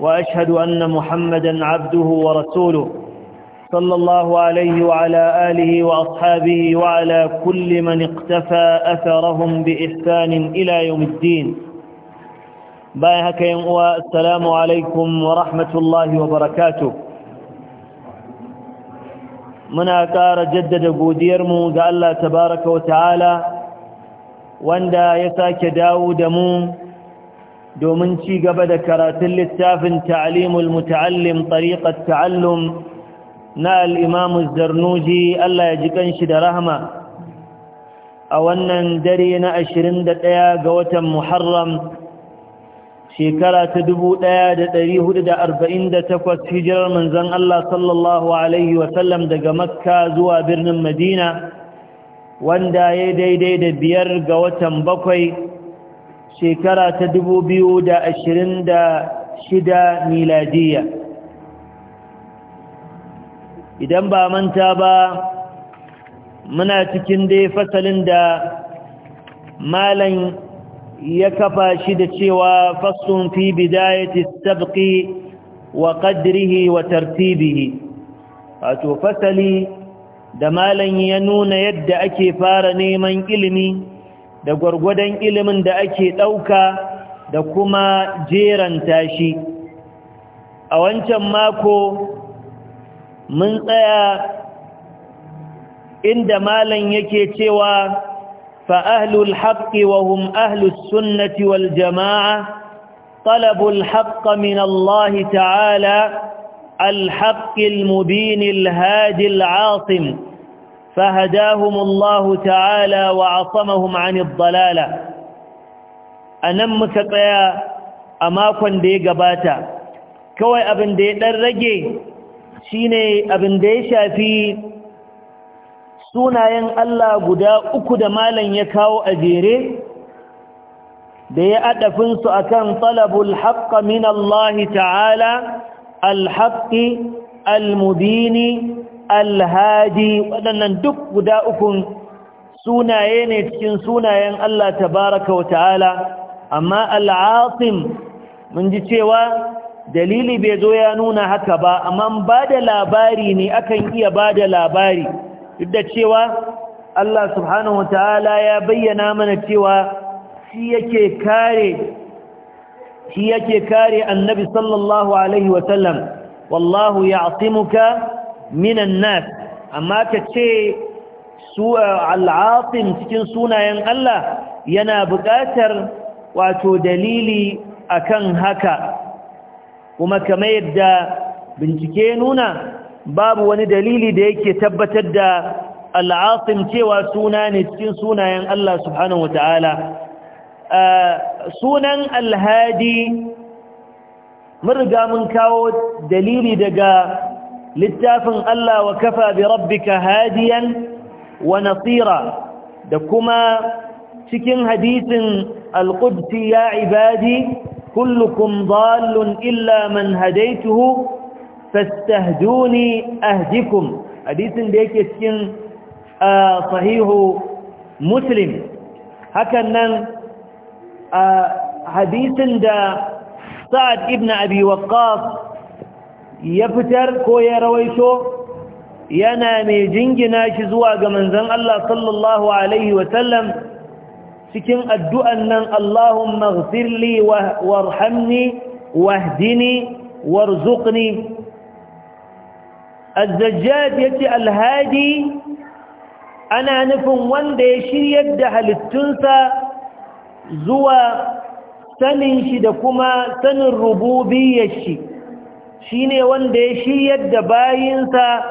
وأشهد أن محمدا عبده ورسوله صلى الله عليه وعلى آله وأصحابه وعلى كل من اقتفى أثرهم بإحسان إلى يوم الدين بايهك ينقوى السلام عليكم ورحمة الله وبركاته من أكار جدد قوديرمو ذا الله تبارك وتعالى واندا يساك داود موم domin ci gaba da karatun littafin ta'alimul muta'allim tariqat ta'allum na al-imam zarnuji Allah ya ji kanshi da rahama a wannan dare na 21 ga watan Muharram shekara ta 1448 hijirar manzon Allah sallallahu alaihi wa sallam daga Makka zuwa birnin Madina wanda ya daidai da biyar ga watan bakwai shekara ta dubu biyu da da shida miladiya idan ba manta ba muna cikin dai fasalin da malan ya kafa shi da cewa fasun fi bidayati sabqi wa qadrihi wa tartibihi wato fasali da malan ya nuna yadda ake fara neman ilimi da gwargwadon ilimin da ake ɗauka da kuma jeranta shi a wancan mako mun tsaya inda malan yake cewa fa ahlul haqqi wahum hum sunnati wal jama'a talabul haqqi min ta'ala al haqqil mubin al hadi al 'asim فهداهم الله تعالى وعصمهم عن الضلاله anan muka tsaya a makon da ya gabata kawai abin da ya dan rage shine abin da ya shafi sunayen Allah guda uku da malam ya kawo a jere da ya adafin su akan talabul haqq minallahi ta'ala al haqq al mubin alhadi waɗannan duk guda ukun sunaye ne cikin sunayen Allah tabaraka wa ta'ala amma al'asim mun ji cewa dalili bai zo ya nuna haka ba amma ba da labari ne akan iya ba da labari duk da cewa Allah subhanahu wa ta'ala ya bayyana mana cewa shi yake kare shi yake kare annabi sallallahu alaihi wa sallam wallahu ya'timuka minan nas amma ka ce eh, al'afin cikin sunayen Allah yana buƙatar wato dalili akan haka kuma kamar yadda bincike nuna babu wani dalili da yake tabbatar da al'afin cewa suna ne cikin sunayen Allah subhanahu wa ta'ala eh, sunan alhadi mun riga mun kawo dalili daga littafin Allah wa kafa bi rabbika hadiyan wa nasira da kuma cikin hadisin alqudsi ya ibadi kullukum dallun illa man hadaytuhu fastahduni ahdikum hadisin da yake cikin sahihu muslim hakan nan hadisin da sa'ad ibn abi waqqas ya fitar ko ya rawaito yana mai jingina shi zuwa ga manzon Allah sallallahu alaihi wa sallam cikin addu'an nan Allahumma ighfirli warhamni wahdini warzuqni الزجاج يتي الهادي أنا نفهم halittunsa zuwa يد shi زوى kuma دكما سن الربوبية الشي shine wanda ya shiryar da bayinsa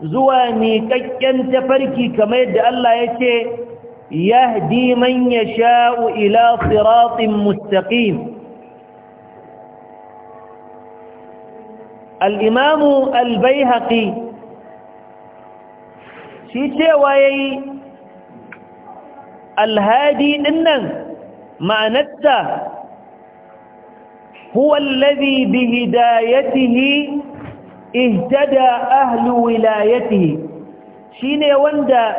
zuwa miƙaƙƙen tafarki kamar yadda Allah ya ce yahdi man sha'u ila siratin mustaqim al-imam al shi cewa yayi alhadi hadi dinnan ma'anarsa هو الذي بهدايته اهتدى اهل ولايته شينه وندا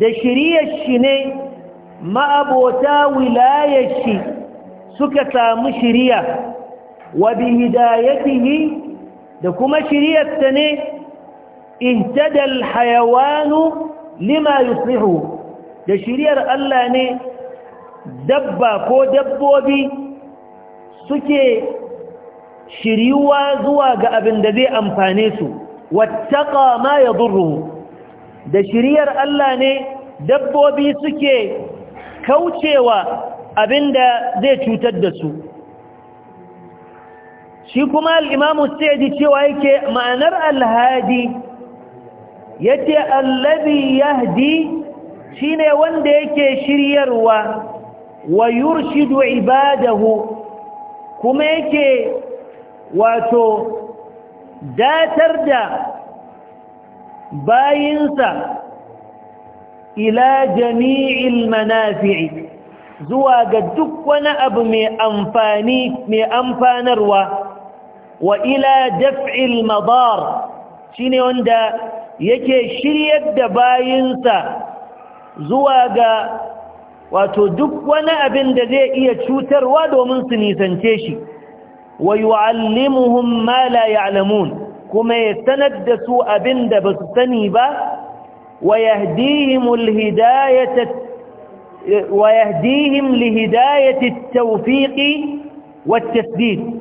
da shiriyar shi ne ma'abota wilayar shi suka samu shiriya wa bihidayatihi da kuma shiriyarsa ne ihtadal hayawanu lima yusihu da shiriyar Allah ne dabba ko dabbobi suke shiryuwa zuwa ga abin da zai amfane su wattaqa ma yadurruhu da shiriyar Allah ne dabbobi suke kaucewa abin da zai cutar da su shi kuma al'imamu sai cewa yake ma'anar alhadi yace allabi yahdi shine wanda yake shiryarwa wa yurshidu ibadahu kuma yake wato datar da bayinsa ila jami'il manafi'i zuwa ga duk wani abu mai amfani mai amfanarwa wa ila daf'il madar shine wanda yake shiryar da bayinsa zuwa ga wato duk wani abin da zai iya cutarwa domin su nisance shi wa yu'allimuhum ma la ya'lamun kuma ya sanar da su abin da ba su sani ba wa yahdihimul hidayata wa yahdihim lihidayati at-tawfiqi wat-tasdid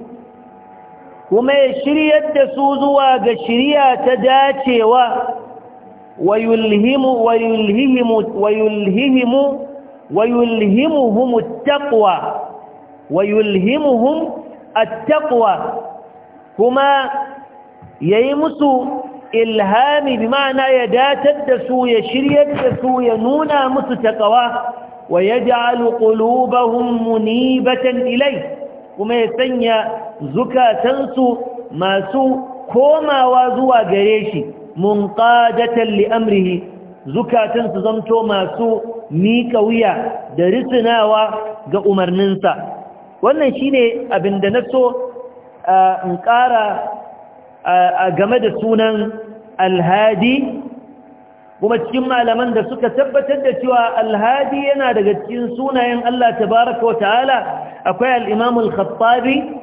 kuma ya shiryar da su zuwa ga shiriya ta dacewa wa yulhimu wa yulhimu wa yulhimu ويلهمهم التقوى ويلهمهم التقوى كما ييمس إلهامي بمعنى يداتد دسو يشريد دسو ينونا تقوى ويجعل قلوبهم منيبة إليه كما يسنى زكا تنسو ما سو كوما وزوى قريشي منقادة لأمره zukatan su zamto masu miƙa wuya da risinawa ga umarninsa wannan shine abin da na so in ƙara game da sunan alhadi kuma cikin malaman da suka tabbatar da cewa alhadi yana daga cikin sunayen Allah tabaraka wa ta'ala akwai al'imam al-khattabi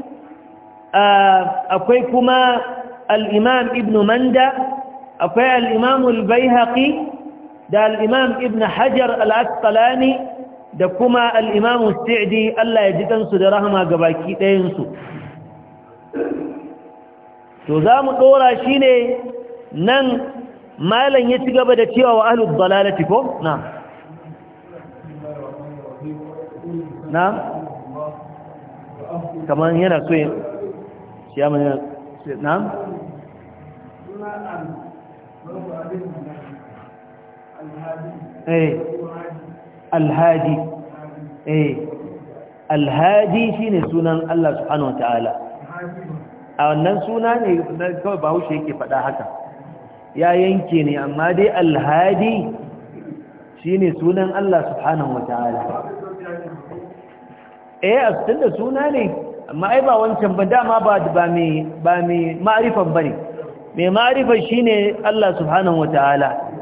akwai kuma al'imam ibn manda akwai Al'imamul al da al'imam ibn hajar al'asqalani da kuma al'imamu sa'idi Allah ya ji kansu da rahama ga baki ɗayansu to za mu ɗora shi ne nan malam ya ci gaba da cewa wa ahlul dalalati ko na na kamar yana so yin shi na eh alhaji eh alhaji shine sunan Allah subhanahu wataala a wannan suna ne kawai bahaushe yake faɗa haka ya yanke ne amma dai alhadi shine sunan Allah subhanahu wataala eh da suna ne amma ai ba wancan ba dama ba ba mai ba mai ma'rifan bane mai ma'rifan shine Allah subhanahu wataala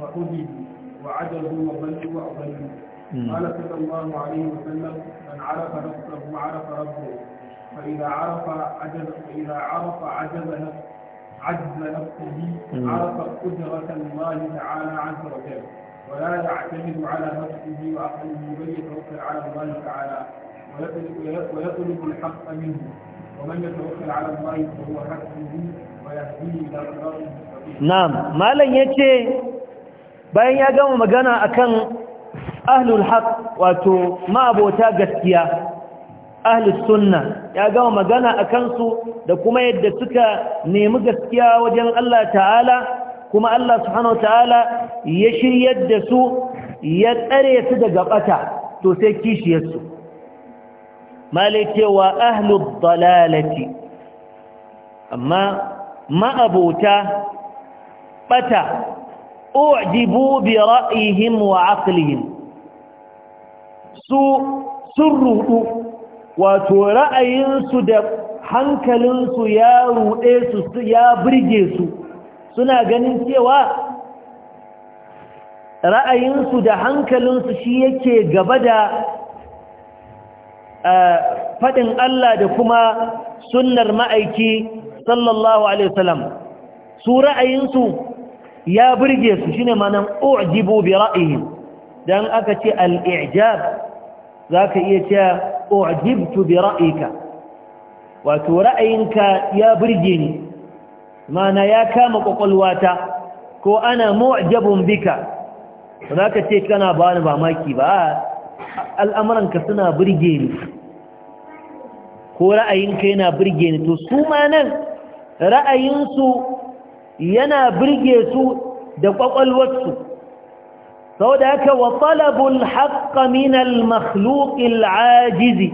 وأذي وعجله وضل وأضل قال صلى الله عليه وسلم من عرف نفسه عرف ربه فإذا عرف عجز فإذا عرف عجز عجز نفسه عرف قدرة الله تعالى عز وجل ولا يعتمد على نفسه وعقله بل يتوكل على الله تعالى ويطلب الحق منه ومن يتوكل على الله فهو حقه ويهديه الى صراط مستقيم نعم لن يجي bayan ya gama magana akan ahlul haq wato ma'abota gaskiya ahlus sunna ya gama magana akan su da kuma yadda suka nemi gaskiya wajen Allah ta'ala kuma Allah subhanahu ta'ala ya shiryar da su ya tsare su daga bata to sai kishiyar su malike wa dalalati amma ma'abota bata u'jibu bi ra'ihim wa aqlihim su sun wato ra'ayinsu da hankalinsu ya ruɗe su ya birge su suna ganin cewa ra'ayinsu da hankalinsu shi yake gaba da faɗin Allah da kuma sunnar ma'aiki sallallahu Alaihi wasallam su ra'ayinsu ya burge su shine manan u'jibu bi ra'yihim dan aka ce al-i'jab zaka iya cewa u'jibtu bi ra'yika wato ra'ayinka ya burge ni mana ya kama kwakwalwata ko ana mu'jabun bika zaka ce kana ba ni mamaki ba al'amuranka suna burge ni ko ra'ayinka yana burge ni to su ma ra'ayinsu yana birge su da kwakwalwarsu sau da haka wa talabul haqqa min al ajizi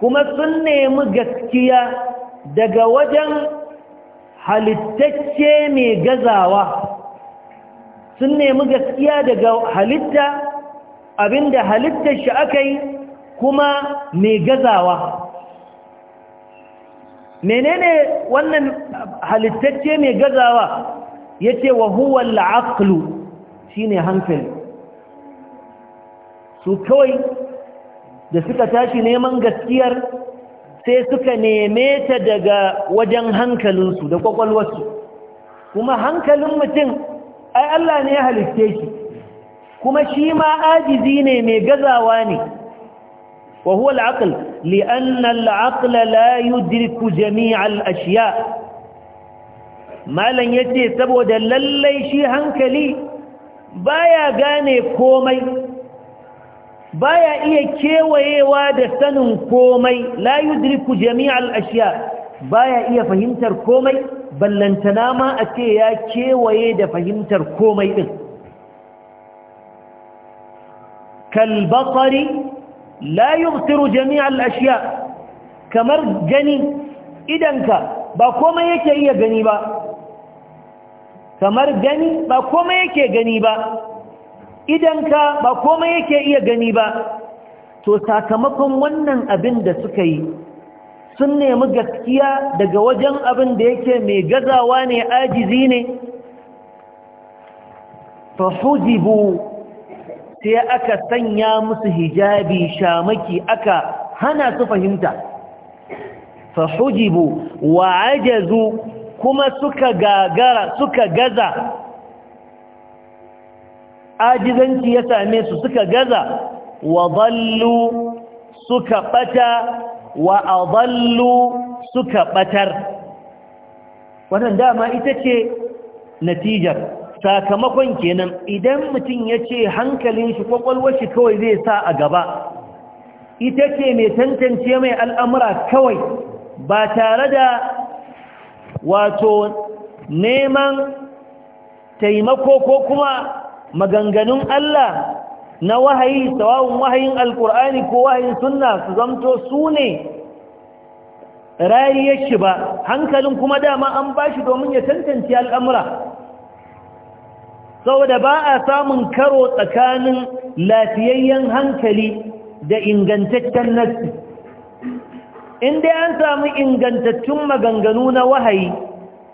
kuma sun nemi gaskiya daga wajen halittacce mai gazawa sun nemi gaskiya daga halitta abinda halittar shi aka yi kuma mai gazawa menene wannan halittacce mai gazawa yace wa huwa al-aqlu shine hankali su kawai da suka tashi neman gaskiyar sai suka neme ta daga wajen hankalinsu da kwakwalwarsu kuma hankalin mutum ai Allah ne ya halitte shi kuma shi ma ajizi ne mai gazawa ne wa huwa al لأن العقل لا يدرك jami'an ashiya. Malam ya ce saboda lallai shi hankali baya gane komai baya iya kewayewa da sanin komai la yudriku jami'al ashiya baya iya fahimtar komai ballantana ma a ce ya kewaye da fahimtar komai din kalbatari la yughtiru jami'al ashiya kamar gani idanka ba komai yake iya gani ba kamar gani ba komai yake gani ba ba yake iya gani ba to sakamakon wannan abin da suka yi sun nemi gaskiya daga wajen abin da yake mai gazawa ne ajizi ne fahujibu sai aka sanya musu hijabi shamaki aka hana su fahimta hujibu wa ajazu kuma suka gagara suka gaza ajizanci ya same su suka gaza wa dallu suka bata wa adallu suka batar wannan dama ita ce natijar sakamakon kenan idan mutum ya ce hankalin shi kwakwalwar shi kawai zai sa a gaba ita ce mai tantance mai al'amura kawai ba tare da wato neman taimako ko kuma maganganun Allah na wahayi tsawon wahayin Alƙur'ani ko wahayin sunna su zamto su ne rariyar shi ba hankalin kuma dama an ba shi domin ya tantance al'amura saboda ba a samun karo tsakanin lafiyayyen hankali da ingantaccen nassi in dai an samu ingantattun maganganu na wahayi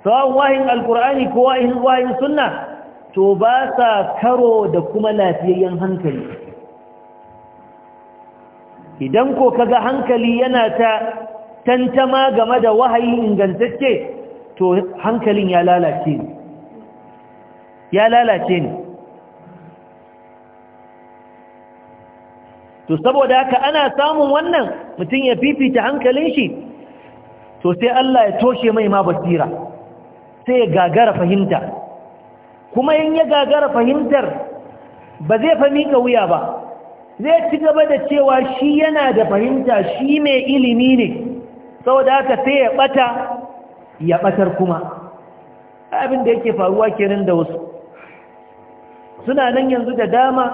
sawan wahayin alkur'ani ko wahayin sunna to ba sa karo da kuma lafiyayyen hankali idan ko kaga hankali yana ta tantama game da wahayi ingantacce to hankalin ya lalace ne ya lalace ni. to saboda haka ana samun wannan mutum ya fifita hankalin shi to sai Allah ya toshe mai ma basira sai ya gagara fahimta kuma in ya gagara fahimtar ba zai fa miƙa wuya ba zai ci gaba da cewa shi yana da fahimta shi mai ilimi ne saboda haka sai ya ɓata ya ɓatar kuma abin da yake faruwa kenan da wasu suna nan yanzu da dama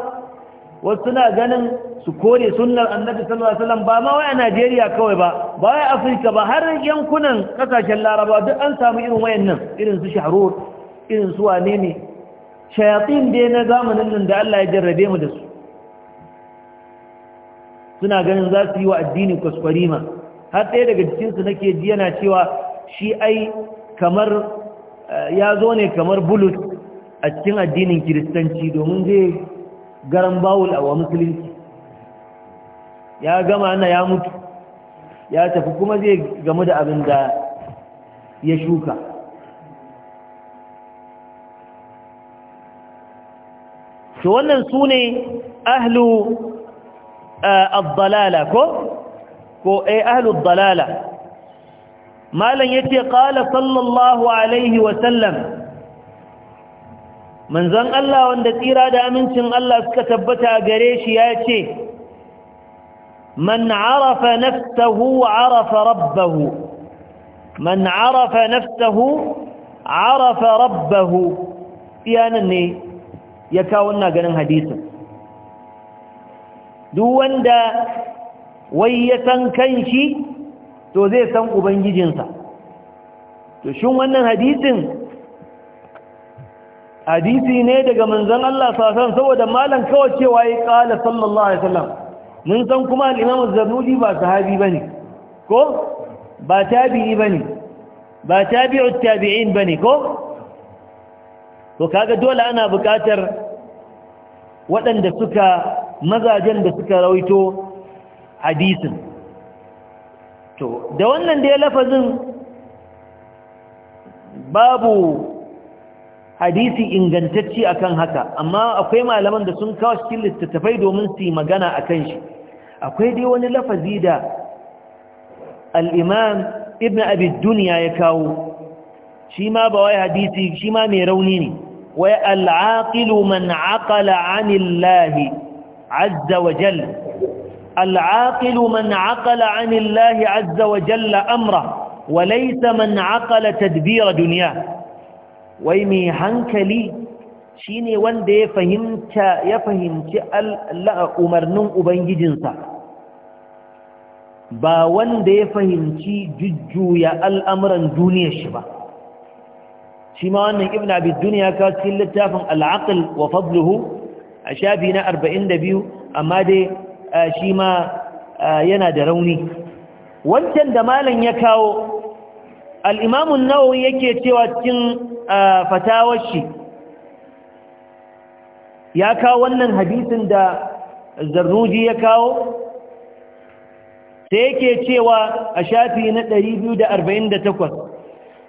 wasu suna ganin su kore sunnar annabi sallallahu alaihi wasallam ba ma wai a Najeriya kawai ba ba wai Afirka ba har yankunan kasashen Laraba duk an samu irin wayannan irin su shahrur irin su wane ne shayatin dai na zamanin nan da Allah ya jarrabe mu da su suna ganin za su yi wa addini kwaskwarima har ɗaya daga cikin su nake ji yana cewa shi ai kamar eh, ya zo ne kamar bulut a cikin addinin kiristanci domin zai garan bawul a wa musulunci ya gama na ya mutu ya tafi kuma zai gamu da abin da ya shuka to wannan su ne ahlu eh, abdalala ko ko eh ahlu abdalala malan yace qala sallallahu alaihi Wasallam. manzon Allah wanda tsira da amincin Allah suka tabbata gare shi ya ce man arafa nafsahu arafa rabbahu man arafa nafsahu arafa rabbahu iyanan ne ya kawo wannan ganin hadisin duk wanda wai ya san kanshi to zai san ubangijinsa to shin wannan hadisin hadisi ne daga manzon Allah sasan saboda malam kawai cewa ya kala sallallahu alaihi wasallam mun san kuma al-Imam az ba sahabi bane ko ba tabi'i bane ba tabi'u tabi'in bane ko to kaga dole ana buƙatar waɗanda suka mazajen da suka rawaito hadisin to da wannan da ya lafazin babu hadisi ingantacci akan haka amma akwai malaman da sun kawo cikin littattafai domin su magana akan shi akwai dai wani lafazi da al-imam ibn abi dunya ya kawo shi ma ba wai hadisi shi ma mai rauni ne wai al-aqilu man aqala 'anillahi 'azza wa jalla العاقل من عقل عن الله عز وجل أمره وليس من عقل تدبير دنياه wai mai hankali shine wanda ya fahimci ya fahimci umarnin ubangijinsa ba wanda ya fahimci jujjuya al'amuran duniya shi ba shi ma wannan ibn abid duniya ka cikin littafin al'aqil wa fabluhu a shafi na 42 amma dai shi ma yana da rauni wancan da malam ya kawo al'imamun nawa yake cewa cikin fatawar shi ya kawo wannan hadisin da zarruji ya kawo sai yake cewa a shafi na 248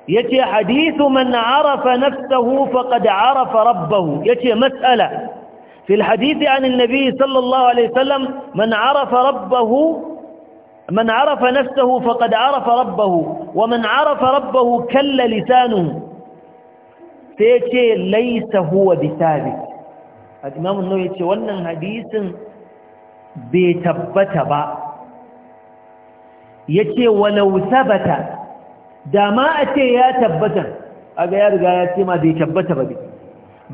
yace hadithu man arafa nafsahu faqad arafa rabbahu yace mas'ala في الحديث عن النبي صلى الله عليه وسلم من عرف ربه من عرف نفسه فقد عرف ربه ومن عرف ربه كل لسانه sai ya ce laisa huwa bisabi al-imam an-nawawi ya ce wannan hadisin bai tabbata ba Ya ce walau sabata da ma a ce ya tabbata aga ya riga ya ce ma bai tabbata ba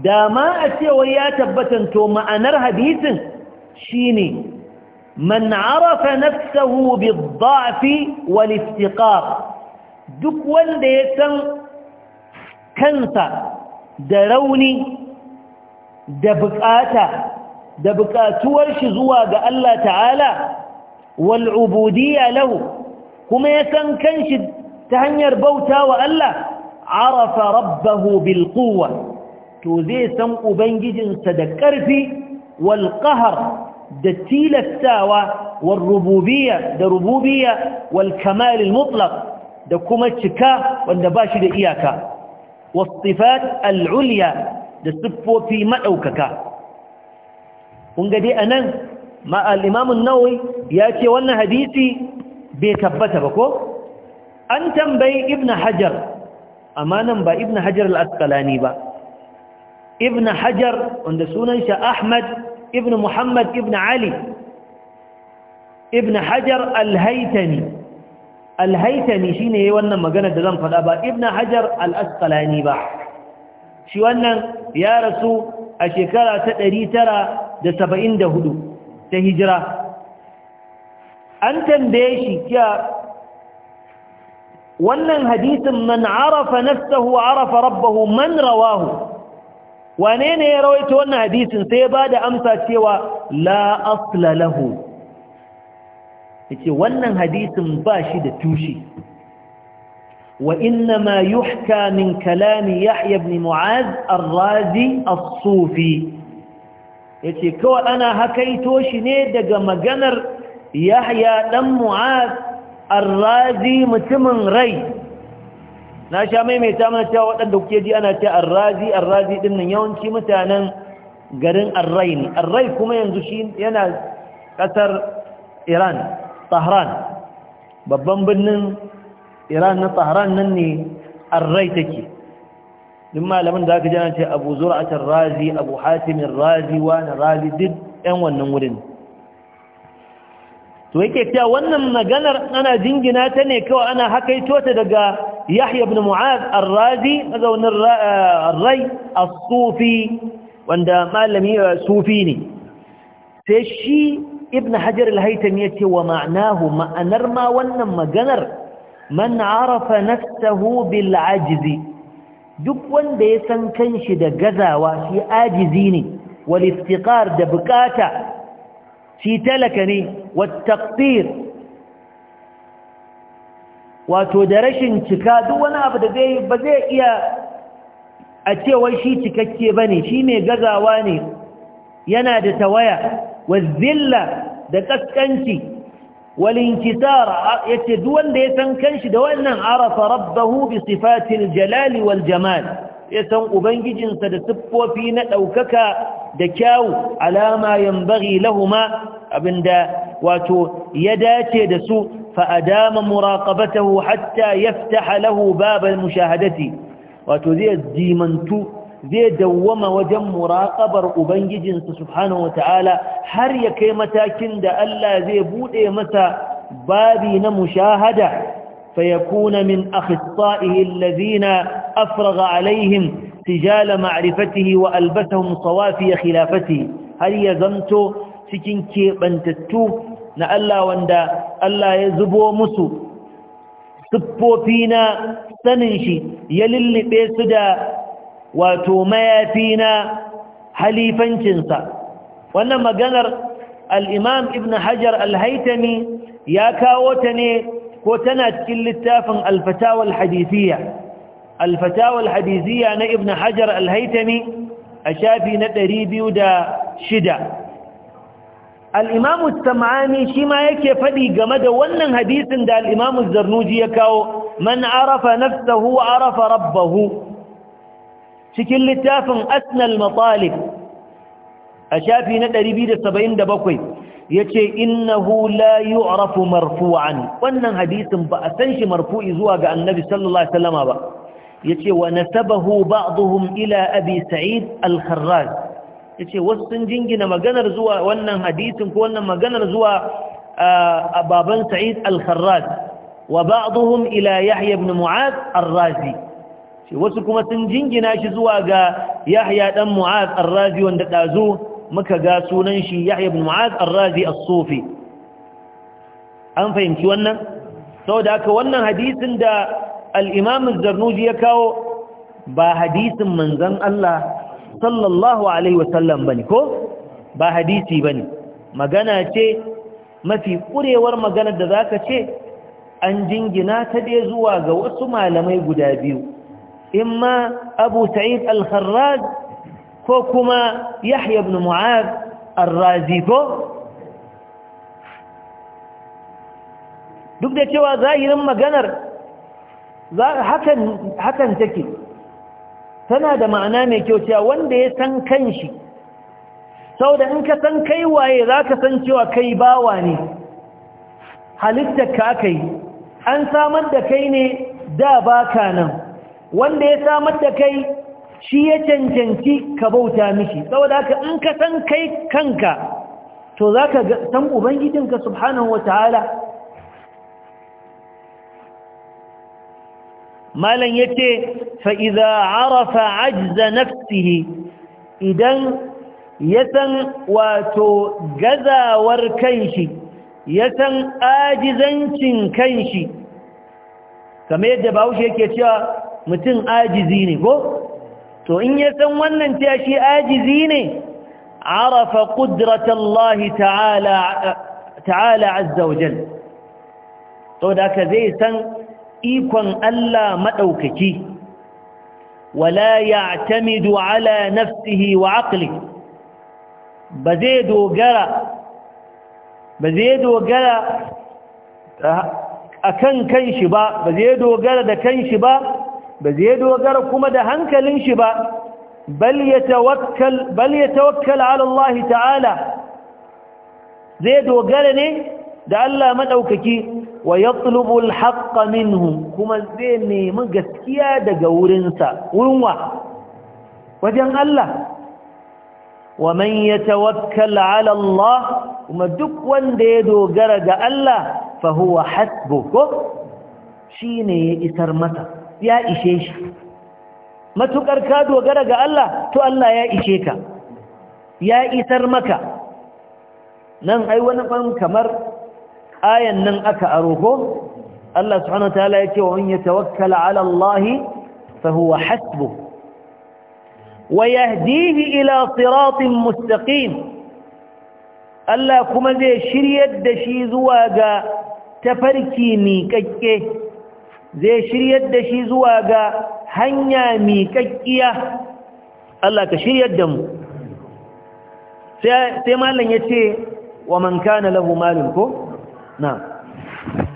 da ma a ce wai ya tabbatan to ma'anar hadisin ne. man arafa nafsahu bi dafi wal-istiqaq duk wanda ya san kansa da rauni da bukata da bukatuwar shi zuwa ga Allah ta'ala wal ubudiyya lahu kuma ya san kanshi ta hanyar bauta wa Allah arafa rabbahu bil to zai san ubangijinsa da ƙarfi wal qahr da tilastawa wal rububiyya da rububiyya wal kamal mutlaq da kuma cika wanda bashi da iyaka wasifat al'ulya da siffofi maɗaukaka kun ga dai a nan ya ce wannan hadisi bai tabbata ba ko an tambayi ibn hajar amma nan ba ibn hajar al'askalani ba ibn hajar wanda sunan shi ahmad ibn muhammad ibn ali ibn hajar al alhaitami shi ne wannan maganar da zan faɗa ba ibn hajar al'asƙalani ba shi wannan ya rasu a shekara ta ɗari tara da saba'in da hudu ta hijira an tambaye shi kiya wannan hadisin man arafa nafsahu arafa rabbahu man rawahu wane ne ya rawaito wannan hadisin sai ba da amsa cewa la lahu yace wannan hadisin ba shi da tushe wa inna ma yuhka min kalami yahya ibn mu'az ar-razi as-sufi yace kawai ana hakaito shi ne daga maganar yahya dan mu'az ar-razi mutumin rai na sha maimaita mana cewa waɗanda kuke ji ana ce ar-razi ar-razi yawanci mutanen garin ar-rai ne ar-rai kuma yanzu shi yana ƙasar iran tahran babban birnin iran na tahran nan ne arrai take duk malamin da aka jana ce abu zura'atar razi abu hatimin razi wani razi duk yan wannan wurin to yake cewa wannan maganar ana jingina ta ne kawai ana hakaito ta daga yahya ibn mu'az ar-razi mazaunin eh, ar-rai as-sufi wanda malami eh, sufi ne sai shi ibn hajar al ya yace wa ma'anar ma wannan maganar man arafa nafsahu bil ajzi duk wanda ya san kanshi da gazawa shi ajizi ne wal iftiqar da bukata shi talaka ne wat taqdir wato da rashin cika duk wani abu da zai ba zai iya a cewa shi cikakke bane shi ne gazawa ne yana da tawaya wazilla da kaskanci walinkisar yace duk wanda ya san kanshi da wannan arafa rabbahu bi sifatil jalal wal jamal ya san ubangijinsa da siffofi na daukaka da kyau alama yanbaghi lahuma abinda wato ya dace da su fa adama muraqabatahu hatta yaftaha lahu bab al mushahadati wato zai dimantu zai dawwama wajen muraƙabar ubangijinsa subhanahu wata'ala har ya kai matakin da Allah zai bude masa babi na mushahada فيكون من أخصائه الذين أفرغ عليهم تجال معرفته وألبسهم صوافي خلافته هل يزمت سكين كيبان تتو نألا واندا ألا يزبو مسو سبو فينا سننشي يلل بيسدا wato mayafi na halifancinsa wannan maganar al'imam ibn hajar alhaitami ya kawo ta ne ko tana cikin littafin alfatawal hadithiyya alfatawal hadithiyya na ibn hajar alhaitami a shafi na 206 al'imamu tamani shi ma yake faɗi game da wannan hadisin da al'imamu zarnuji ya kawo man arafa nafsahu arafa rabbahu cikin littafin asnal matalib a shafi na 277 yace innahu la yu'rafu marfu'an wannan hadisin ba a san shi marfu'i zuwa ga annabi sallallahu alaihi wasallama ba yace wa nasabahu ba'dhum ila abi sa'id al-kharraj yace wasu sun jingina maganar zuwa wannan hadisin ko wannan maganar zuwa a baban sa'id al-kharraj wa ba'dhum ila yahya ibn mu'adh ar-razi wasu kuma sun jingina shi zuwa ga yahya dan mu'az ar-razi wanda dazu muka ga sunan shi yahya ibn mu'az ar-razi as-sufi an fahimci wannan saboda haka wannan hadisin da al-imam az-zarnuji ya kawo ba hadisin manzon Allah sallallahu alaihi wasallam bane ko ba hadisi bane magana ce mafi kurewar magana da zaka ce an jingina ta dai zuwa ga wasu malamai guda biyu imma abu sa'id al-kharraj ko kuma yahya ibn mu'ad ar-razi ko duk da cewa zahirin maganar hakan hakan take tana da ma'ana mai kyau cewa wanda ya san kanshi saboda in ka san kai waye zaka san cewa kai bawa ne halittar ka kai an samar da kai ne da baka nan wanda ya samar da kai shi ya cancanci ka bauta mishi saboda haka in ka san kai kanka to za ka san ubangijinka subhanahu ta'ala. malan ya ce fa'iza arafa ajza nafsihi idan ya san wato gazawar kanshi ya san ajizancin kanshi kamar yadda bahaushe yake cewa mutum ajizi ne ko to in ya san wannan cewa shi ajizi ne arafa qudratallahi ta'ala ta'ala azza to da aka zai san ikon Allah maɗaukaki wala ya'tamidu ala nafsihi wa aqli ba zai dogara ba zai dogara akan kanshi ba ba zai dogara da kanshi ba ba zai dogara kuma da hankalin shi ba bal ya tawakkal ala Allah ta'ala zai dogara ne da Allah maɗaukaki wa ya tsulubul haƙƙa minhu kuma zai nemi gaskiya daga wurinsa wurin wa wajen Allah wa man ya tawakkal ala Allah kuma duk wanda ya dogara ga Allah fa huwa hasbuhu shine ya isar masa ya ishe shi matukar ka dogara ga Allah to Allah ya ishe ka ya isar maka nan ai wani ban kamar ayan nan aka aro ko Allah subhanahu wataala yace wa in yatawakkala ala Allah fa huwa hasbuh wa yahdihi ila siratin mustaqim Allah kuma zai shiryar da shi zuwa ga tafarki miƙaƙƙe zai shiryar da shi zuwa ga hanya miƙaƙƙiya Allah ka shiryar da mu sai malam ya ce wa man kana lahu malin ko? na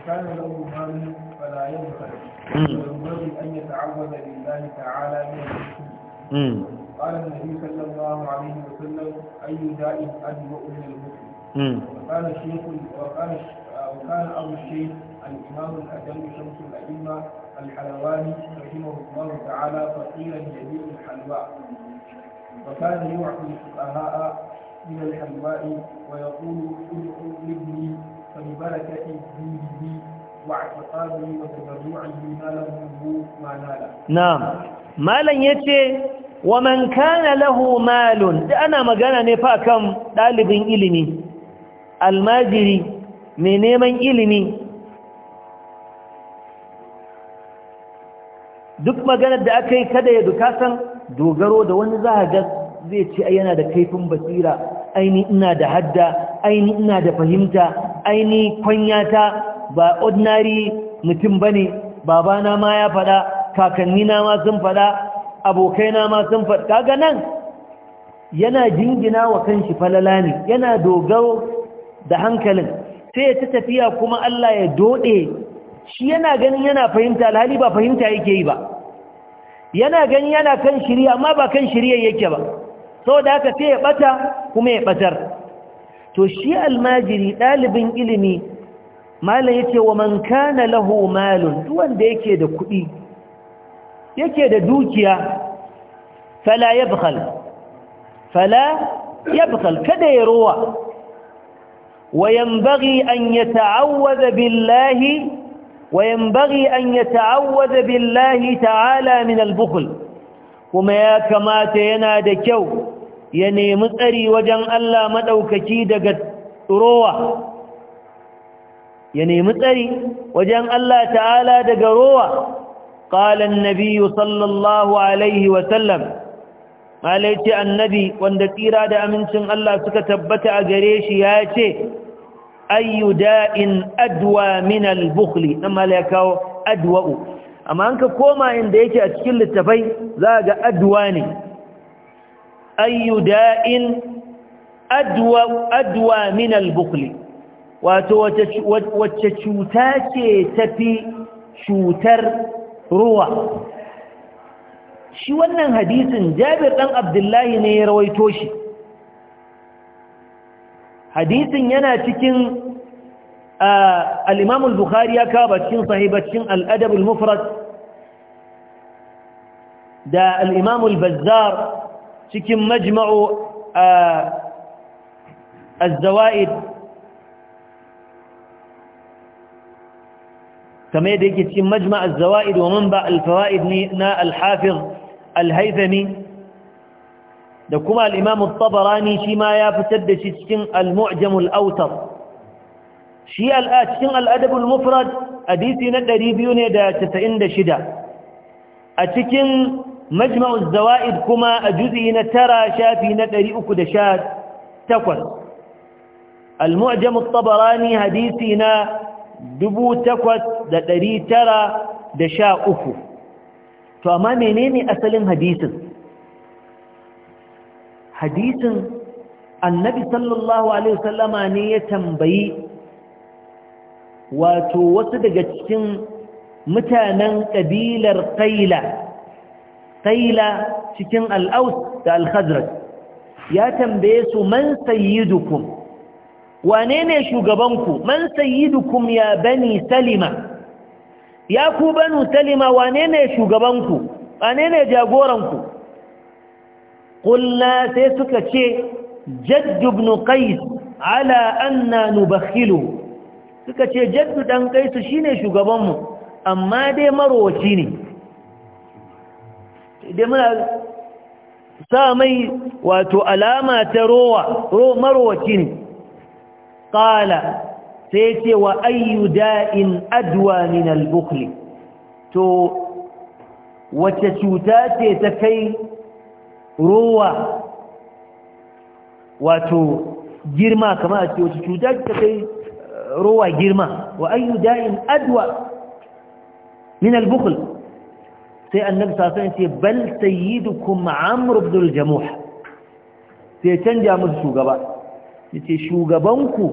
kana lahu malin قال النبي صلى الله عليه وسلم أي أدوء وقال الشيخ وقال أبو الشيخ الإمام الأجل شمس الأئمة الحلواني رحمه الله تعالى فقيرا يبيع الحلواء وكان يعطي الفقهاء من الحلواء ويقول ادعوا لابني فببركة دينه واعتقاده وتبرعه ما له ما ناله نعم مالا يتي ومن كان له مال da ana magana ne fa kan dalibin ilimi almajiri mai neman ilimi duk maganar da aka yi kada ya dukasan dogaro da wani za ga zai ce ai yana da kaifin basira aini ina da hadda aini ina da fahimta aini kwanyata ba ordinary mutum bane babana ma ya fada kakannina ma sun fada abokaina ma sun fada kaga nan yana jingina wa kanshi falala ne yana dogaro da hankalin sai ya ta tafiya kuma Allah ya dode shi yana ganin yana fahimta alhali ba fahimta yake yi ba yana ganin yana kan shirya amma ba kan shiryar yake ba saboda haka sai ya bata kuma ya batar to shi almajiri ɗalibin ilimi malam yake wa man kana lahu malun duk wanda yake da kuɗi yake da dukiya fala yabkhal fala yabkhal kada ya rowa wa yanbaghi an yata'awwadha billahi وينبغي أن يتعوذ بالله تعالى من البخل وما يا كما تينا دكو يعني مطري وجن ألا مدوككي دقت روى يعني مطري وجن ألا تعالى دق روى قال النبي صلى الله عليه وسلم ما ليت النبي واندكيرا دا أمنشن ألا سكتبت أجريش ياتي ayyu da'in adwa min al-bukhli amma la kawo adwa amma an ka koma inda yake a cikin littafai za ga adwa ne ayyu da'in adwa adwa min al-bukhli wato wacce cuta ce tafi cutar ruwa shi wannan hadisin jabir dan abdullahi ne ya rawaito shi hadisin yana cikin آه، الإمام البخاري al-bukhari ya kawo الأدب المفرد دا الإمام البزار mufrad مجمع آه، الزوائد كما يديك في مجمع الزوائد ومنبع الفوائد نا الحافظ الهيثمي كما الإمام الطبراني شما يافتد شكين المعجم الأوسط shi al'a cikin al'adabul mufrad hadisi na 296 a cikin majma'uz zawaid kuma a juz'i na tara shafi na 318 al-mu'jam at-tabarani hadisi na 8913 to amma menene asalin hadisin hadisin annabi sallallahu alaihi wasallama ne ya tambayi wato wasu daga cikin mutanen ƙabilar ƙaila ƙaila cikin al'aus da al ya tambaye su man sayyidukum wane ne shugabanku man sayyidukum ya bani salima ya ku banu salima wane ne shugabanku wane ne jagoranku ƙulla sai suka ce jaddu ibn qais ala anna nubakhiluhu suka ce jaddu dan kaisu shine shugabanmu amma dai marowaci ne dai muna sa mai wato alama ta rowa marowaci ne qala sai ce wa ayu da'in adwa min al-bukhl to wace cuta ce ta kai rowa wato girma kamar a ce wace cuta ce ta kai rowa girma wa ayyu da'in adwa min al-bukhl sai annabi sallallahu alaihi wasallam ce bal sayyidukum amr ibn al-jamuh sai canja musu shugaba yace shugabanku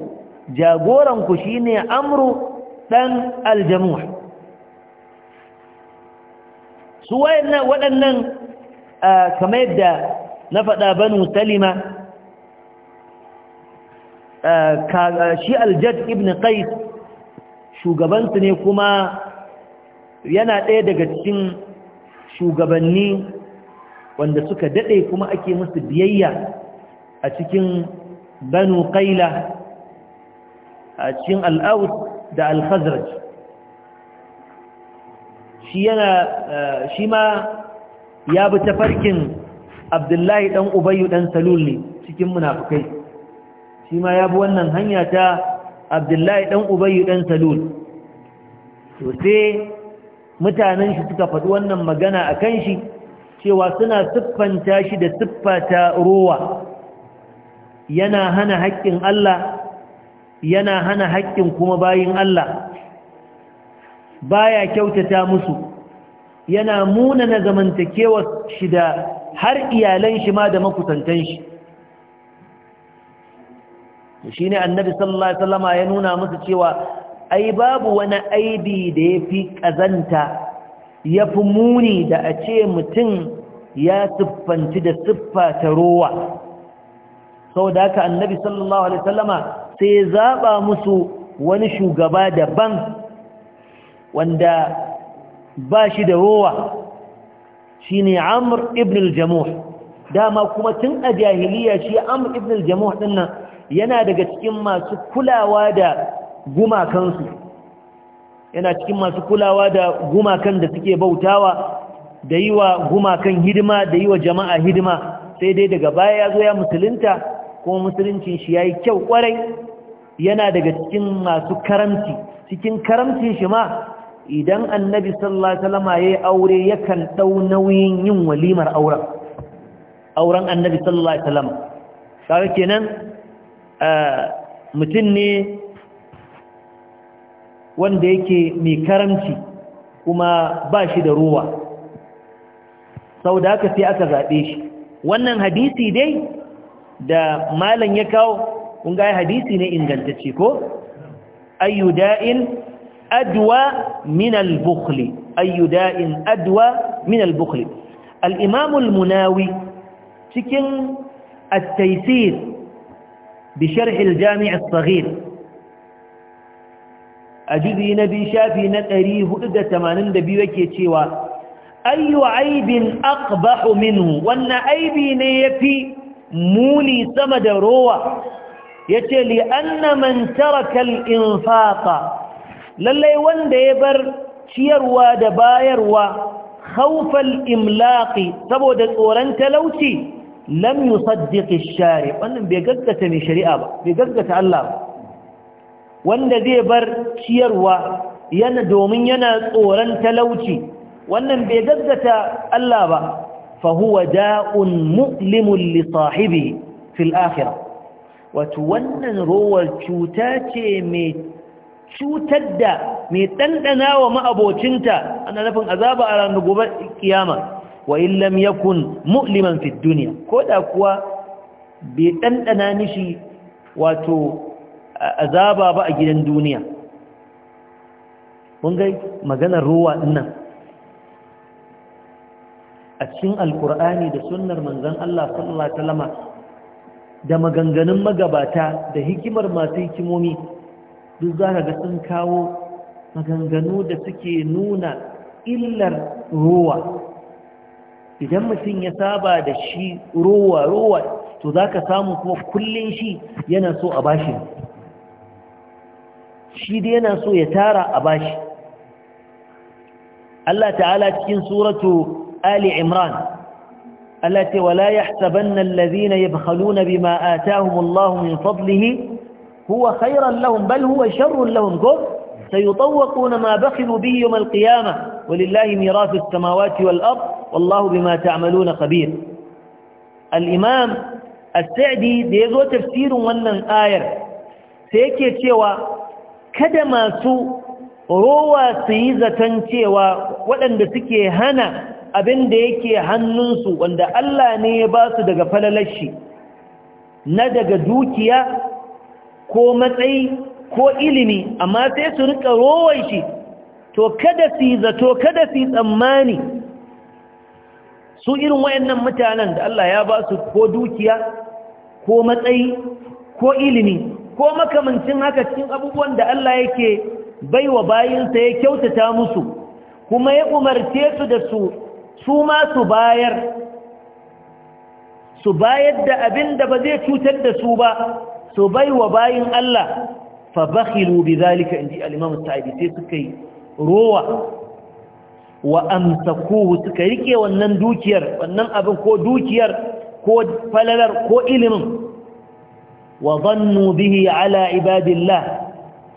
jagoranku shine amru dan al-jamuh su wayannan wadannan kamar yadda na faɗa banu salima shi aljad ibn qais shugabansu ne kuma yana ɗaya daga cikin shugabanni wanda suka daɗe kuma ake musu biyayya a cikin banu qaila a cikin al'aus da al-khazraj shi yana shi ma ya bi tafarkin abdullahi ɗan Ubayyu ɗan salul ne cikin munafukai shi ma ya bi wannan hanya ta abdullahi ɗan ubayyu dan salul to sai mutanen shi suka faɗi wannan magana a kan shi cewa suna siffanta shi da siffata ruwa? yana hana haƙƙin Allah yana hana haƙƙin kuma bayin Allah baya kyautata musu yana munana zamantakewa shi da har iyalan shi ma da makusantan shi shine annabi sallallahu alaihi wasallama ya nuna musu cewa ai babu wani aibi da ya fi kazanta yafi muni da a ce mutum ya siffanci da siffa ta rowa saboda haka annabi sallallahu alaihi wasallama sai zaba musu wani shugaba daban wanda ba shi da rowa shine Amr ibn al-Jamuh dama kuma tun a jahiliya shi Amr ibn al-Jamuh nan. yana daga cikin masu kulawa da gumakansu yana cikin masu kulawa da gumakan da suke bautawa da yi wa gumakan hidima da yi wa jama'a hidima sai dai daga baya ya zo ya musulunta kuma musuluncin shi ya yi kyau kwarai yana daga cikin masu karamci cikin karamcin shi ma idan annabi sallallahu alaihi wasallam yayi aure yakan dau nauyin yin walimar auren auren annabi sallallahu alaihi wasallam sai kenan mutum ne wanda yake mai karamci kuma ba shi da ruwa sau da aka sai aka zaɓe shi wannan hadisi dai da malan ya kawo ƙunga hadisi ne ingantacce ko ayyuda'in adwa min al-bukhli ayyuda'in adwa min al-bukhli al imamul munawi cikin at بشرح الجامع الصغير أجدي نبي شافي نتريه إذا تمانين دبيوكي تشيوا أي عيب أقبح منه وأن عيبي نيفي مولي سمد روى يتي لأن من ترك الإنفاق للي وند يبر شيروا دبايروا خوف الإملاق سبو دسوران تلوتي lam yusaddiq ash-shari' wannan bai gaggata shari'a ba bai gaggata Allah ba wanda zai bar ciyarwa yana domin yana tsoron talauci wannan bai gaggata Allah ba fa huwa da'un mu'limun li sahibi fil akhirah wato wannan rowar cuta ce mai cutar da mai dandana wa ma'abocinta ana nufin azaba a ranar gobe kiyama wa illam yakun mu'liman fi dunya koda kuwa bai dandana mishi wato azaba ba a gidan duniya mun ga maganar ruwa nan. a cikin alkur'ani da sunnar manzon Allah sallallahu alaihi wasallam da maganganun magabata da hikimar masu hikimomi duk za ka ga sun kawo maganganu da suke nuna illar ruwa idan mutum ya saba da shi rowa rowa to za ka samu kuma kullum shi yana so a bashi shi dai yana so ya tara a bashi Allah ta'ala cikin suratu Ali Imran Allah ce wala yahsabanna allazina yabkhaluna bima atahumullahu min fadlihi huwa khairan lahum bal huwa sharrun lahum ko sayutawquna ma bakhilu bihi yawm al walillahi mirasu samawati wal ard wallahu bima ta'maluna khabir al-imam as-sa'di da yazo tafsirin wannan ayar sai yake cewa kada masu rowa suyi zaton cewa waɗanda suke hana abin da yake hannunsu wanda Allah ne ya ba su daga shi na daga dukiya ko matsayi ko ilimi amma sai su rika rowar shi to kada su yi zato kada su tsammani su irin wayannan mutanen da Allah ya ba su ko dukiya ko matsayi ko ilimi ko makamancin haka cikin abubuwan da Allah yake baiwa bayinsa ya kyautata musu kuma ya umarce su da su su ma su bayar su bayar da abin da ba zai cutar da su ba su baiwa bayin Allah fa bakhilu bi zalika inji al-imam saidi sai suka yi rowa wa amsakuhu suka rike wannan dukiyar wannan abin ko dukiyar ko falalar ko ilimin wa zannu bihi ala ibadillah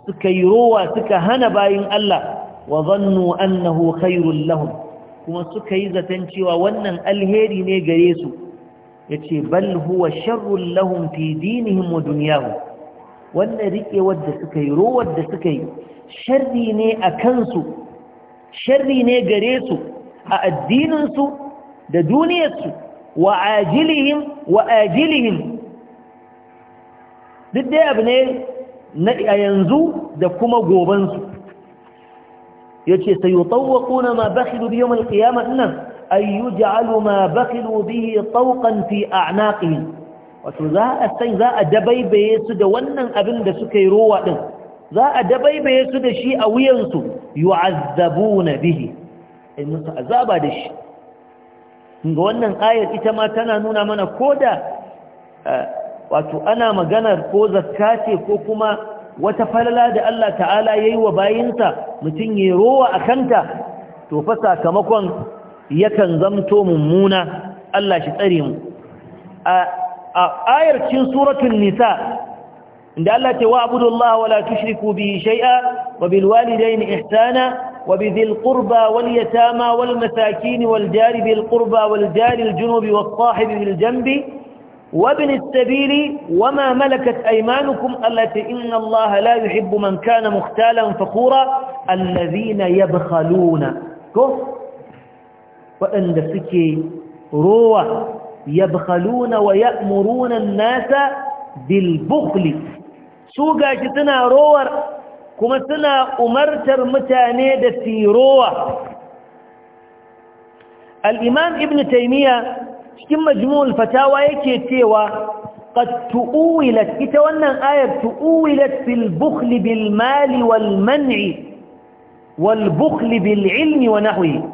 suka yi rowa suka hana bayin Allah wa zannu annahu khairul lahum kuma suka yi zaton cewa wannan alheri ne gare su yace bal huwa sharrul lahum fi dinihim wa dunyahum wannan riƙewar da suka yi rowar da suka yi sharri ne a kansu sharri ne gare su a addininsu da duniyarsu wa ajilihim wa ajilihim duk dai abu ne a yanzu da kuma gobansu ya ce sai yi kuna ma bakilu biyu mai ƙiyamar nan ayyujalu ma bakilu biyu tsaukan fi a wato za a sai za a dabaibaye su da wannan abin da suka yi rowa din za a dabaibaye su da shi a wuyansu yu'azzabuna bihi ai musu azaba da shi ga wannan ayar ita ma tana nuna mana ko da. Eh, wato ana maganar ko zakka ce ko kuma wata falala da Allah ta'ala yayi wa bayinsa mutum ya rowa akanta to fa sakamakon yakan zamto mummuna Allah shi tsare mu ayar cikin suratul nisa inda Allah ce wa abudullahi wala tushriku bihi shay'a wa bil walidayni ihsana wa bidhil qurba wal yatama wal masakin wal jari bil qurba wal jari al junubi was sahibi bil janbi wa ma malakat aymanukum allati inna Allah la yuhibbu man kana mukhtalan مختالا alladhina yabkhaluna ko wa inda suke ruwa يبخلون ويأمرون الناس بالبخل سوغا جتنا روار كما سنا أمرتر متاني دسي روار الإمام ابن تيمية شكم مجموع الفتاوى يكي قد تؤولت يتوانا آية تؤولت في البخل بالمال والمنع والبخل بالعلم ونحوه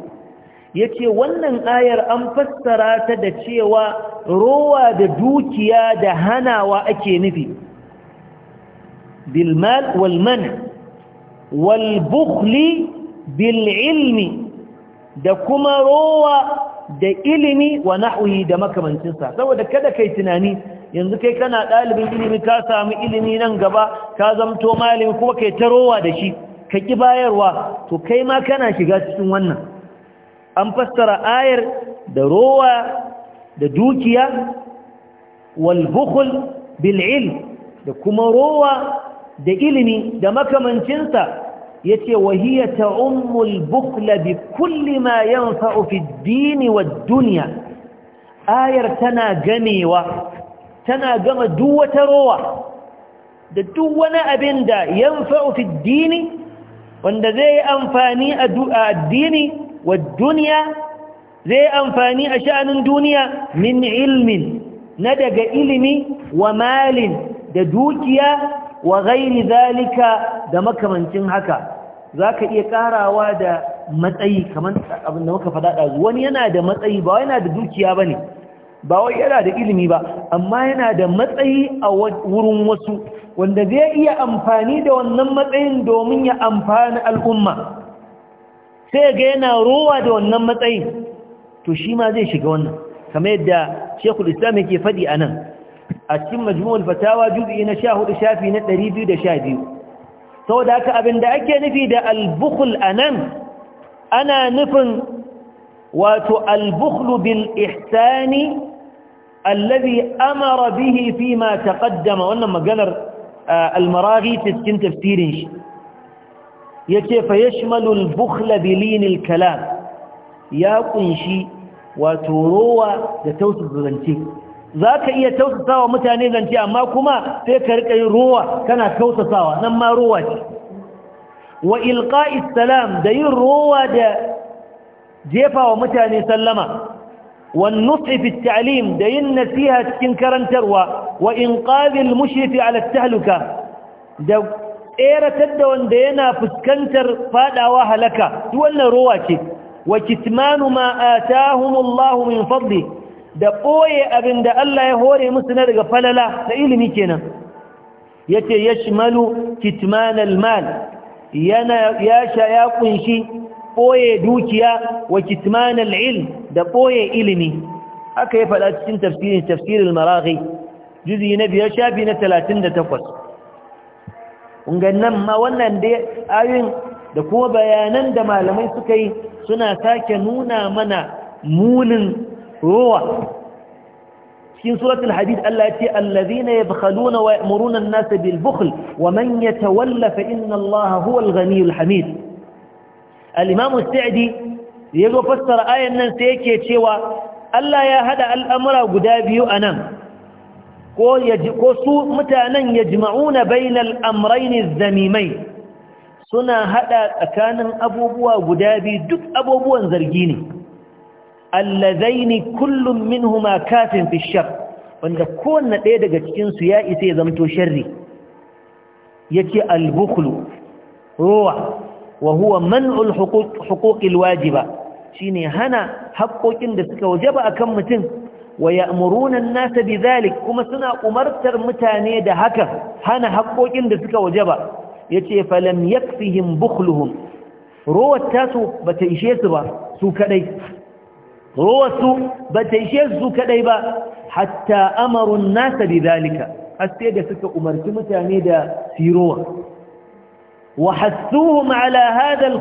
Yace wannan ayar an fassara ta da cewa rowa da dukiya da hanawa ake nufi bilmal walman walbukhli bil'ilmi da kuma rowa da ilimi wa na'uyi da makamancinsa saboda kada kai tunani yanzu kai kana ɗalibin ilimi ka sami ilimi nan gaba ka zamto malami kuma kai ta rowa da shi ka ƙi bayarwa to kai ma kana shiga cikin wannan an fassara ayar da rowa da dukiya wal bukhul bil ilm da kuma rowa da ilimi da makamancinsa yace wahiya ta'ummul bukhla bi kulli ma yanfa'u fi ad-din wad ayar tana gamewa tana gama duk wata rowa da duk wani abin da yanfa'u fi wanda zai amfani a addini wa duniya zai amfani a sha'anin duniya min ilmin na daga ilimi wa malin da dukiya wa gairi zalika da makamancin haka za ka iya karawa da matsayi kamar abin da wani yana da matsayi ba yana da dukiya ba ne ba wai yana da ilimi ba amma yana da matsayi a wurin wasu wanda zai iya amfani da wannan matsayin domin ya amfani al'umma sai ga yana rowa da wannan matsayin to shi ma zai shiga wannan kamar yadda shekul islam yake faɗi a nan a cikin majmu'ul fatawa juz'i na 14 shafi na biyu. saboda haka abin da ake nufi da al a anan ana nufin wato al bil ihsani allazi amara bihi fi ma taqaddama wannan maganar uh, al ta cikin tafsirin shi yace fa yashmalu al-bukhla bilin al-kalam ya kunshi wato rowa da tausasa zance zaka iya tausasawa mutane zance amma kuma sai ka rika yin rowa kana tausasawa nan ma rowa ce wa ilqa'i salam da yin rowa da jefawa mutane sallama والنصح في التعليم دين نسيها تكن كرنتروا وإنقاذ المشرف على التهلكة tseratar da wanda yana fuskantar fadawa halaka duk wannan rowa ce wa kitmanu ma atahumullahu min fadli da boye abinda Allah ya hore musu na daga falala da ilimi kenan yace yashmalu kitman almal yana ya sha ya kunshi boye dukiya wa kitman da boye ilimi Aka yi fada cikin tafsirin tafsirul maraghi juzi na biyar shafi na 38 kun ga nan ma wannan dai ayoyin da kuma bayanan da malamai suka yi suna sake nuna mana munin ruwa cikin suratul hadid Allah ya ce allazina yabkhaluna wa ya'muruna an-nasa bil bukhl wa man yatawalla fa inna Allah huwa al-ghaniyyul hamid al-imam as-sa'di yazo fassara ayan nan sai yake cewa Allah ya hada al'amura guda biyu anan ko su mutanen ya jima'una bainal amraini zamimai suna hada tsakanin abubuwa guda biyu duk abubuwan zargi ne allazaini kullum minhuma kafin fi shar wanda kowanne ɗaya daga cikinsu ya isa ya zamto sharri yace albuklu ruwa wa huwa man'ul huquqil wajiba shine hana haƙoƙin da suka wajaba akan mutum wa ya'muruna nasa bidhalik kuma suna umartar mutane da haka hana haƙoƙin da suka wajaba yace falam yakfihim bukhluhum rowar tasu bata ishe su ba su kadai rowar bata ishe su kadai ba hatta amaru an-nasa bidhalika haske da suka umarci mutane da sirowa wa hasuhum ala hadha al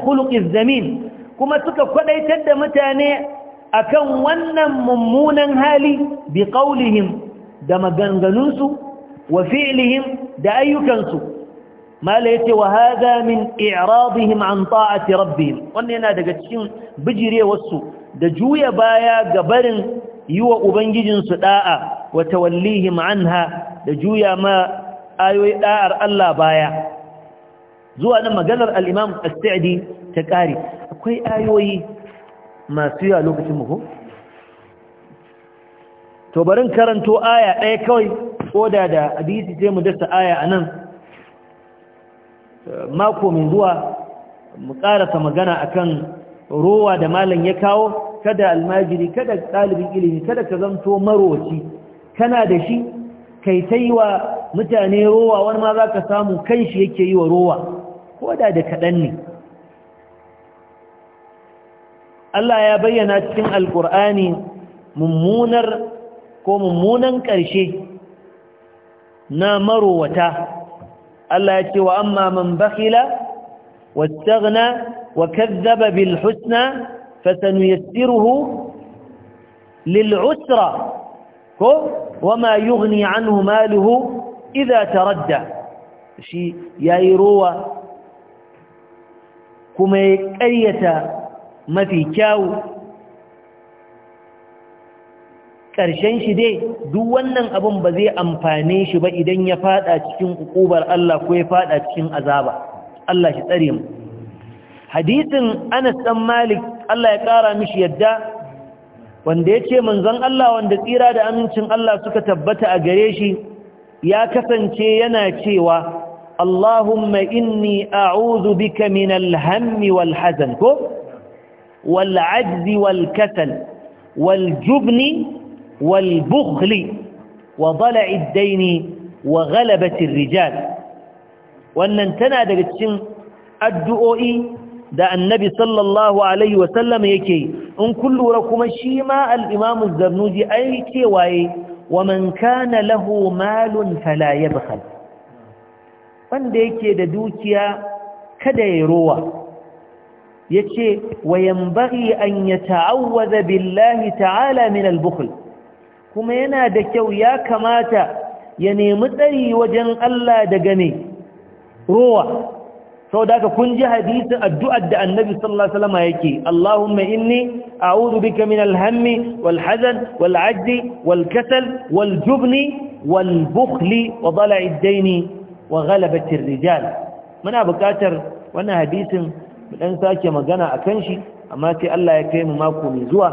zamin kuma suka kwadaitar da mutane akan wannan mummunan hali bi qaulihim da maganganunsu wa fi'lihim da ayyukansu mala yace wa hadha min i'radihim an ta'ati rabbihim wannan yana daga cikin bijirewarsu da juya baya ga barin yiwa ubangijinsu da'a wa tawallihim anha da juya ma ayoyi da'ar Allah baya zuwa nan maganar al-Imam As-Sa'di ta kare akwai ayoyi masu yi a lokacin mu to barin karanto aya ɗaya kawai koda da hadisi ce mu dasa aya a nan mako mai zuwa mu ƙarasa magana akan rowa da malam ya kawo kada almajiri kada ɗalibin ilimi kada ka zanto maroci kana da shi kai ta yi wa mutane rowa wani ma za ka samu kan shi yake yi wa rowa ko da da kaɗan ne Allah ya bayyana cikin alkur'ani ko mummunan ƙarshe na marowata Allah ya ce wa amma man bakhila wastaghna wa kadzaba bil fasanu fasanuyassiruhu lil usra ko wama yughni anhu maluhu idha taradda shi yayi ruwa kuma ya kayyata mafi kyawu ƙarshen shi dai duk wannan abin ba zai amfane shi ba idan ya fada cikin ƙuƙubar Allah ko ya fada cikin azaba Allah shi tsare mu hadisin Anas dan Malik Allah ya ƙara mishi yadda wanda ya ce manzon Allah wanda tsira da amincin Allah suka tabbata a gare shi ya kasance yana cewa Allahumma inni a'udhu bika min alhammi wal hazan ko والعجز والكسل والجبن والبخل وضلع الدين وغلبة الرجال وننتنى دقتشن الدؤوئي ده النبي صلى الله عليه وسلم يكي ان كل ركم الشيماء الإمام الزرنوجي أي كي ومن كان له مال فلا يبخل فان دا يكي دا yace wayan baƙi an yata'awwadha billahi ta'ala min al-bukhl kuma yana da kyau ya kamata ya nemi tsari wajen Allah daga ne rowa saboda haka kun ji hadisi addu'ar da Annabi sallallahu alaihi wasallam yake Allahumma inni a'udhu bika min alhammi hammi wal-hazan wal-'ajzi wal wal-jubni wal bukli wa bala'idaini ad wa ghalabati rijal muna buƙatar wannan hadisin mu dan sake magana akan shi amma sai Allah ya kai mu mako mai zuwa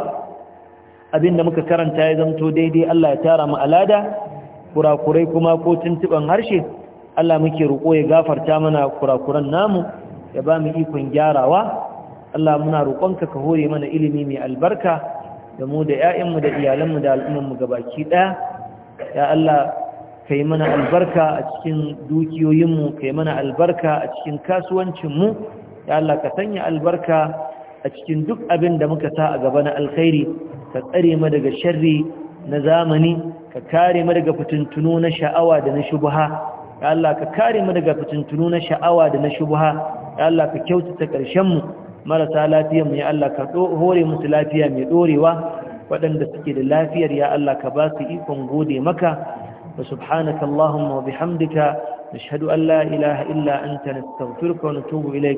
abinda muka karanta ya zanto daidai Allah ya tara mu alada kurakurai kuma ko tuntuban harshe Allah muke roƙo ya gafarta mana kurakuran namu ya ba mu ikon gyarawa Allah muna roƙonka ka hore mana ilimi mai albarka da mu da ƴaƴanmu da iyalanmu da ga gabaki ɗaya ya Allah kai mana albarka a cikin dukiyoyinmu kai mana albarka a cikin kasuwancin mu. ya Allah ka sanya albarka a cikin duk abin da muka sa a gaba na alkhairi ka tsare mu daga sharri na zamani ka kare mu daga fitintunu na sha'awa da na shubha ya Allah ka kare mu daga fitintunu na sha'awa da na shubha ya Allah ka kyautata karshen mu marasa lafiyar mu ya Allah ka hore musu lafiya mai dorewa waɗanda suke da lafiyar ya Allah ka ba su ikon gode maka wa subhanaka allahumma wa bihamdika nashhadu an la ilaha illa anta nastaghfiruka wa natubu ilayk